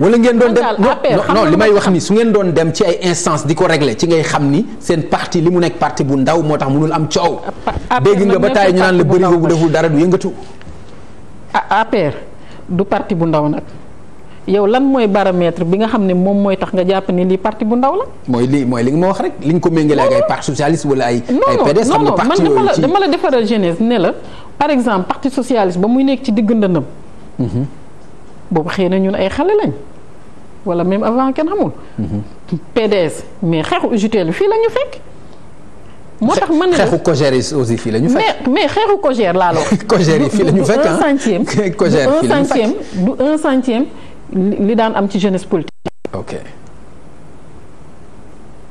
wala ngeen doon dem non li may wax ni su ngeen doon dem ci ay instance di ko régle ci ngay xam ni seen parti li mu nekk parti bu ndaw moo tax mënul am coow. dégg nga ba taay ñu naan la bërigo bu deful dara du yëngatu. APR du parti bu ndaw nag. yow lan mooy baromètre bi nga xam ne moom mooy tax nga jàpp ni lii parti bu ndaw la. mooy li mooy li nga ma wax rek li nga ko méngalee ak ay parti socialiste wala ay. ay PDS xam nga parti yooyu non man dama la defaral jeunesse ne la par exemple parti socialiste ba muy nekk ci mhm. boobu xëy na ñun ay xale lañ. wala même avant kenn xamul. Mhm. PDS mais xeexu UGTEL fii la ñu fekk. moo tax man na xeexu Cogère yi aussi fii la ñu fekk. mais mais xeexu Cogère laa la wax. Cogère yi fii la ñu fekk ah du un ah. centième. Cogère fii la ñu fekk du un centième li daan am ci jeunesse politique. ok.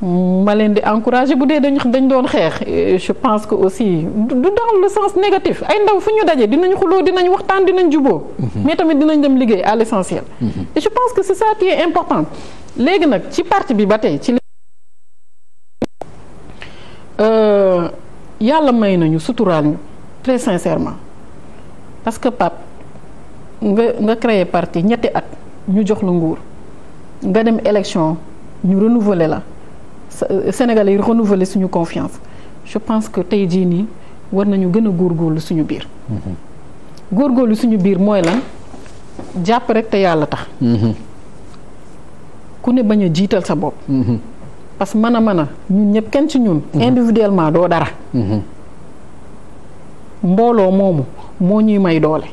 Mm, ma leen di encourager bu dee dañ dañ doon xeex je pense que aussi du dans le sens négatif ay ndaw fu ñu daje dinañ xuloo dinañ waxtaan dinañ juboo mm-hmm. mais tamit dinañ dem liggéey à l'essentiel mm-hmm. je pense que c'est ça qui est important léegi nag ci parti bi ba tey ci euh, yàlla may nañu suturaal ñu très sincèrement parce que Pape nga nga créer partie ñetti at ñu jox la nguur nga dem élection ñu renouveler la Euh, sénégal yi renouveler suñu confiance je pense que tey jii nii war nañu gën a góorlu suñu biir. Mhm. góor góorlu suñu biir mooy lan jàpp rek te yàlla tax. Mhm. ku ne bañ a jiital sa bopp. Mhm. parce que mën a mën a ñun ñëpp kenn ci ñun. individuellement doo dara. mbooloo moomu moo ñuy may doole.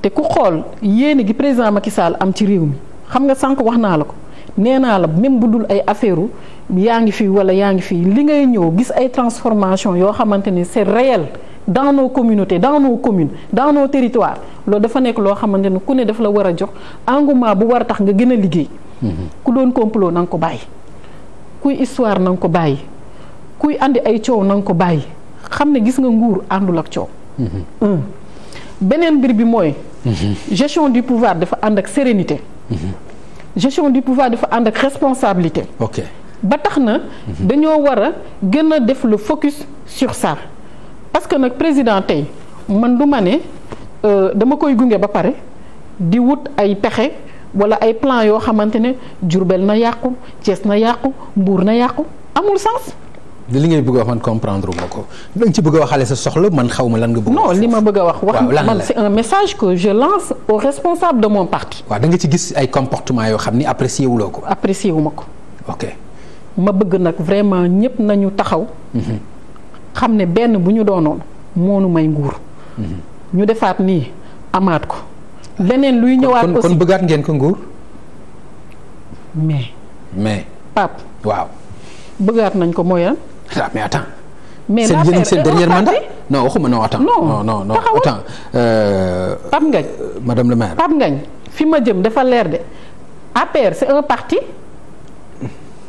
te ku xool yéene gi président Macky Sall am ci réew mi xam nga sànq wax naa la ko. nee naa la même bu dul ay affaire yaa ngi fi wala yaa ngi fii li ngay ñëw gis ay transformation yoo xamante ni c'est réel daanoo nos communautés commune daanoo communes dans loolu dafa nekk loo xamante ni ku ne daf la war a jox engouement bu war a tax nga gën a liggéey. Mhm. ku doon complot na nga ko bàyyi. kuy histoire na ko bàyyi kuy andi ay coow na nga ko bàyyi xam ne gis nga nguur àndul ak coow. Mhm. beneen mbir bi mooy. Mhm. gestion du pouvoir dafa ànd ak sérénité. gestion du pouvoir dafa ànd ak responsabilité. ok ba tax na. dañoo war a gën a def le focus sur ça parce que nag président tey man du ma ne euh, dama koy gunge ba pare di wut ay pexe. wala ay plan yoo xamante ne Jurbel na yàqu Cees na yàqu Mbuur na yàqu amul sens li ngay bëgg a wax man comprendre moo ko da ci bëgg a waxaale sa soxla man xaw ma lan nga bëgg non li ma bëgg a wax wax man c'est un message que je lance aux responsables de mon parti waaw da nga ci gis ay comportement yoo xam ni apprécié wuloo ko apprécié wu ma ko ok ma bëgg nag vraiment ñëpp nañu taxaw mhm. xam ne benn bu ñu doonoon moonu may nguur mhm. ñu defaat nii amaat ko leneen luy ñëwaat aussi kon bëggaat ngeen ko nguur mais mais Pape waaw bëggaat nañ ko mooy ah mais attends. mais la affaire seen dernier mandat non waxuma no attends. non non non attends. Euh, Pape Ngagne euh, madame le maire Pape Ngagne fi ma jëm dafa leer de APR c'est un parti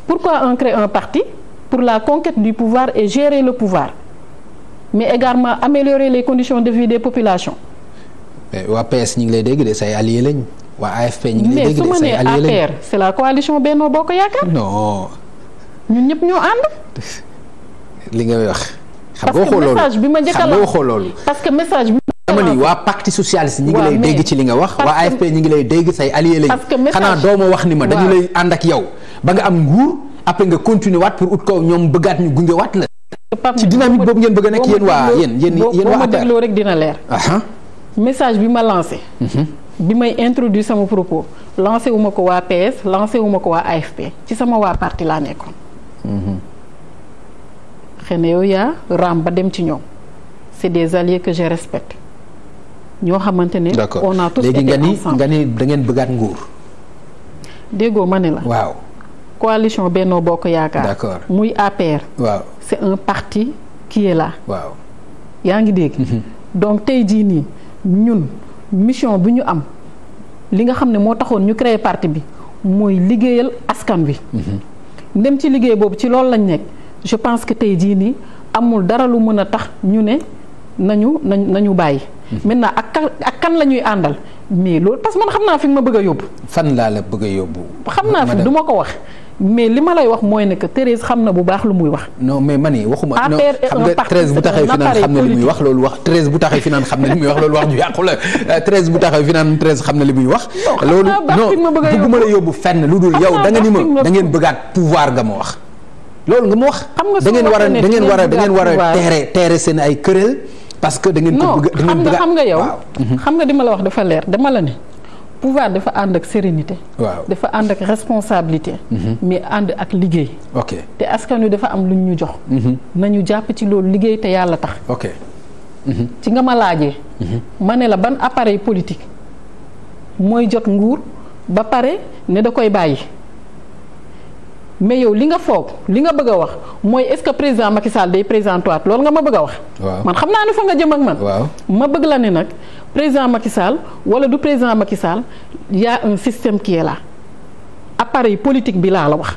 pourquoi on crée un parti pour la conquête du pouvoir et gérer le pouvoir mais également améliorer les conditions de vie des populations. mais waa PS ñu dégg de say allié lañ. waa AFP ñu ngi lay dégg de say allié lañ mais su ma nee APR c'est la coalition Benno Bokk Yaakaar. non. ñun ñëpp ñoo ànd. li nga wax. xam nga waxoo loolu parce que message bi ma njëkk a la waxoo loolu. parce que message bi ma dama waa parti socialiste ñi ngi lay dégg ci li nga wax. waa AFP ñi ngi lay dégg say allié lañu. parce que message xanaa ma wax ni ma dañu lay ànd ak yow. ba nga am nguur après nga continuer pour ut kaw ñoom bëggaat ñu gunge waat la. ci dynamique boobu ngeen bëgg a nekk yéen waa yéen yéen yéen waa. boo ma dégloo rek dina leer. message bi ma lancé. Mhm. bi may introduire sama propos lancé wu ma ko waa PS lancé wu ma ko waa AFP ci sama waa parti laa nekkoon. Mhm. xëy na yow yaa raam ba dem ci ñoom c'est des alliés que je respecte ñoo xamante ne. d'accord on a tous léegi nga ni nga ni da ngeen bëggaat nguur. déggoo ma ne la. waaw. coalition Benno Bokk Yaakaar. d'accord muy APR. waaw c'est un parti qui la là. yaa ngi dégg. Mhm. donc tey jii nii ñun mission bi ñu am li nga xam ne moo taxoon ñu créer parti bi mooy liggéeyal askan wi. Mhm. ndem ci liggéey boobu ci loolu lañ nekk. je pense que tey jii nii amul dara lu mën a tax ñu ne nañu nañu nañu bàyyi. Mhm. maintenant ak kan ak kan la ñuy àndal mais loolu parce man xam naa fi ma bëgg a yóbbu. fan laa la bëgg a yóbbu. xam naa fi du ma ko wax. mais li ma lay wax mooy ne que xam na bu baax lu muy wax. non mais ma ne waxuma. non xam nga Thérèse bu taxee fi naan xam na li muy wax loolu wax euh, Thérèse bu taxee fi xam na li wax loolu wax ju yàqu la Thérèse bu taxee xam na li muy wax. loolu non bëgguma la yóbbu fenn lu dul yow da nga ni ma dangeen bëggaat pouvoir nga ma wax. loolu nga mu wax. xam nga da ngeen war a da ngeen war a da ngeen war teere teere seen ay këréel parce que da ngeen ko bëgg da xam nga yow mhm. xam nga dima la wax dafa leer dama la ne pouvoir dafa ànd ak sérénité. waaw dafa ànd ak responsabilité. Mhm. mais ànd ak liggéey. ok te askan wi dafa am lu ñu jox. Mhm. nañu jàpp ci loolu liggéey te yàlla tax. ok ci nga ma laajee. ma ne la ban appareil politique mooy jot nguur ba pare ne da koy bàyyi. mais yow li nga foog li nga bëgg a wax mooy est-ce que président Macky Sall day présenté waat loolu nga ma bëgg a wax. man xam naa ne fa nga jëm ak man. ma bëgg la ne nag président Macky Sall wala du président Macky Sall y un système qui est là appareil politique bi laa la wax.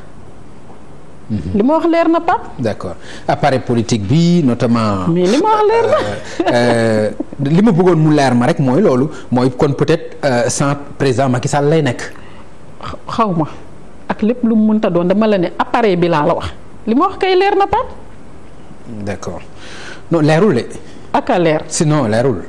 Mhm. li ma wax leer na Pape. d'accord appareil politique bi notamment. mais li ma euh, euh, li ma bëggoon mu leer ma rek mooy loolu mooy kon peut-être euh, sans président Macky Sall lay nekk. xaw ma. ak lépp lu mu mënta doon dama la ne appareil bi laa la wax li ma wax kay leer na Pape. d'accord non leerul de. ak a leer sinon leerul.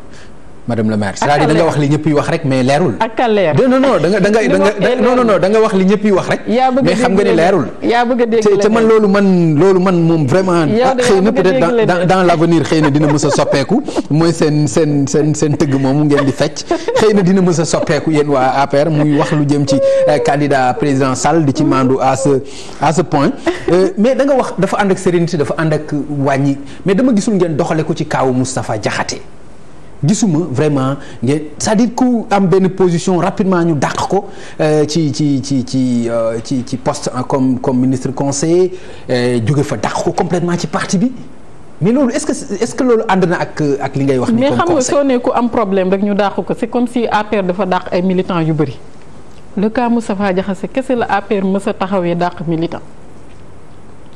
madame le maire c'est-à-dire da nga wax li ñëpp wax rek mais leerul ak a leer non non da nga da nga wax li ñëpp yi wax rek mais xam nga ni leerul yaa bëgg a te man loolu man loolu man moom vraiment ah, xëy na peut-être dans l'avenir xëy na dina a soppeeku mooy seen seen seen seen tëgg ngeen di fecc xëy na dina mës a soppeeku yéen waa APR muy wax lu jëm ci euh, candidat président Sall di ci mandu à ce point euh, mais da nga wax dafa ànd ak sérénité dafa ànd ak wàññi mais dama gisul ngeen doxale ko ci kaaw Moustapha Diakhaté gisuma vraiment nga cest di dire ku am benn position rapidement ñu dàq ko euh, ci ci ci ci euh, ci ci poste comme comme ministre conseiller euh, jóge fa dàq ko complètement ci parti bi mais loolu est-ce que est-ce que loolu ànd na ak ak li ngay wax. ni mais xam nga soo ne ku am problème rek ñu dàq ko c'est comme si APR dafa dàq ay militants yu bëri le cas Moustapha Diakhaté kese la APR mës a taxawee dàq militant.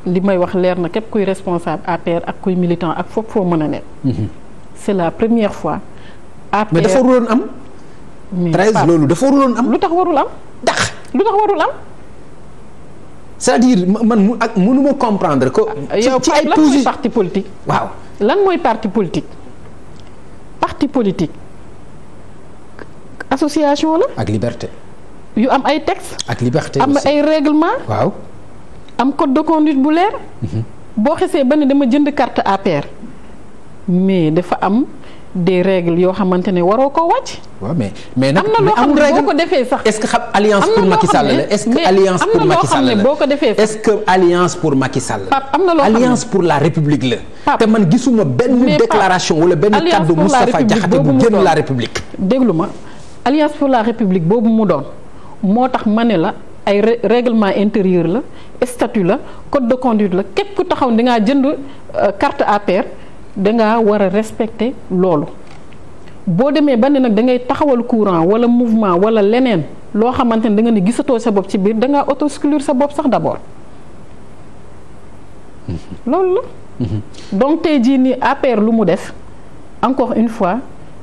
li may wax leer na képp kuy responsable APR ak kuy militant ak foofu foo mën a nekk. Mhm. c'est la première fois. APR mais dafa waruloon am. mais treize loolu dafa waruloon am. lu tax warul am. ndax lu tax warul am. c'est-à-dire man mu ak mënu ma comprendre que. ci ay lan mooy parti politique. waaw lan mooy parti politique. parti politique association la. ak liberté. yu am ay text ak liberté am ay règlement waaw am code de bu leer. Mhm. boo xesee ba ne dama jënd carte APR. mais dafa am des règles yoo xamante ne waroo koo wàcc. waaw mais mais nag am na loo xam ne boo ko defee sax. est-ce que xam alliance pour Macky Sall la est-ce que alliance pour Macky Sall la boo ko defee est-ce que alliance pour Macky Sall la. am na loo xam ne alliance pour la République la. te man gisuma benn déclaration wala benn kàddu Moustapha Diakhaté bu génn la République. déglu ma alliance pour la République boobu mu doon moo tax ma ne la. ay règlement intérieur la statut la code de conduite la képp ku taxaw di ngaa jënd euh, carte APR dangaa war a respecter loolu boo demee ba ne nag da ngay taxawal courant wala mouvement wala leneen loo xamante ne danga nga ne gisatoo sa bopp ci biir da ngaa autoexclure sa bopp sax d'abord loolu la. donc tey jii nii APR lu mu des encore une fois.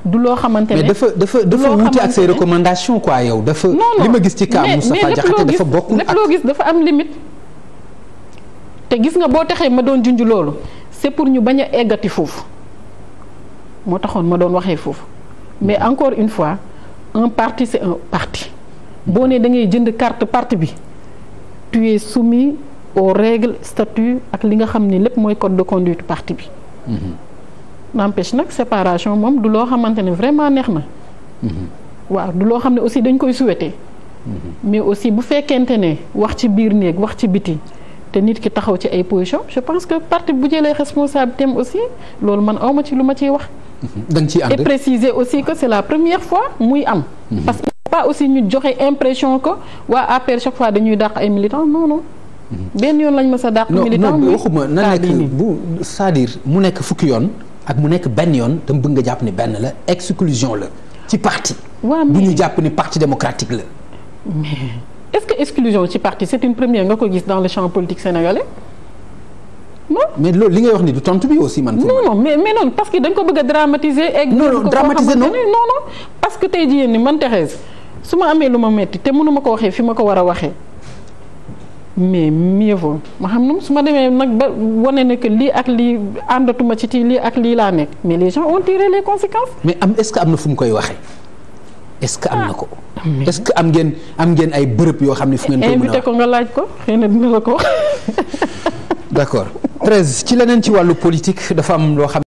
du loo xamante ne mais dafa dafa dafa wuute ak say recommandations quoi yow. dafa li ma gis ci cas sa Diakhaté dafa bokkul ak lépp loo gis dafa am limite. te gis nga boo taxee ma doon junj loolu. pour ñu bañ a eggati foofu moo taxoon ma doon waxee foofu mais encore une fois un parti c'est un parti boo nee da ngay jënd carte parti bi tu es soumis aux règles ak li nga xam ni lépp mooy code de conduite parti bi. Mm-hmm. n'empêche nag séparation moom du loo xamante ne vraiment neex na. Mm-hmm. waaw du loo xam ne aussi dañ koy souhaiter. Mm-hmm. mais aussi bu fekkente ne wax ci biir néeg wax ci biti. nit ki taxaw ci ay position je pense que parti bu jëlee responsabilité am aussi loolu man awma ci lu ma ciy wax. Mhm. da ci ciy ànd préciser aussi que c'est la première fois muy am. Mhm. parce que pas aussi ñu joxe impression ko waa APR chaque fois dañuy dàq ay militants non non. Mhm. benn yoon lañ ma sa dàq. militant non non waxuma na nekk bu c'est-à-dire mu nekk fukki yoon ak mu nekk benn yoon dama bëgg nga jàpp ni benn la exclusion la ci parti. waaw bu ñu jàpp ni parti démocratique la. est-ce que exclusion ci parti c'est une première nga ko gis dans le champ politique sénégalais non. mais loolu li ngay wax ni du tontu bi aussi man. non mais mais parce que dañ ko bëgg a dramatiser. egg non non dramatiser non parce que tey jii ni man Thérèse su ma amee lu ma metti te mënu ma ko waxee fi ma ko war a waxee mais mieux vaut ma xam ne su ma demee nag ba wane ne que lii ak lii àndatuma ci tii lii ak lii laa nekk mais les gens ont tiré les conséquences. mais am est-ce que am na fu mu koy waxee. est-ce que am na ko. Ah, est-ce que am ngeen am ngeen ay bërëb yoo xam ne fu ngeen. ko mën ko nga laaj ko xëy na dina la ko. d'accord treize ci leneen ci wàllu politique dafa am loo xam.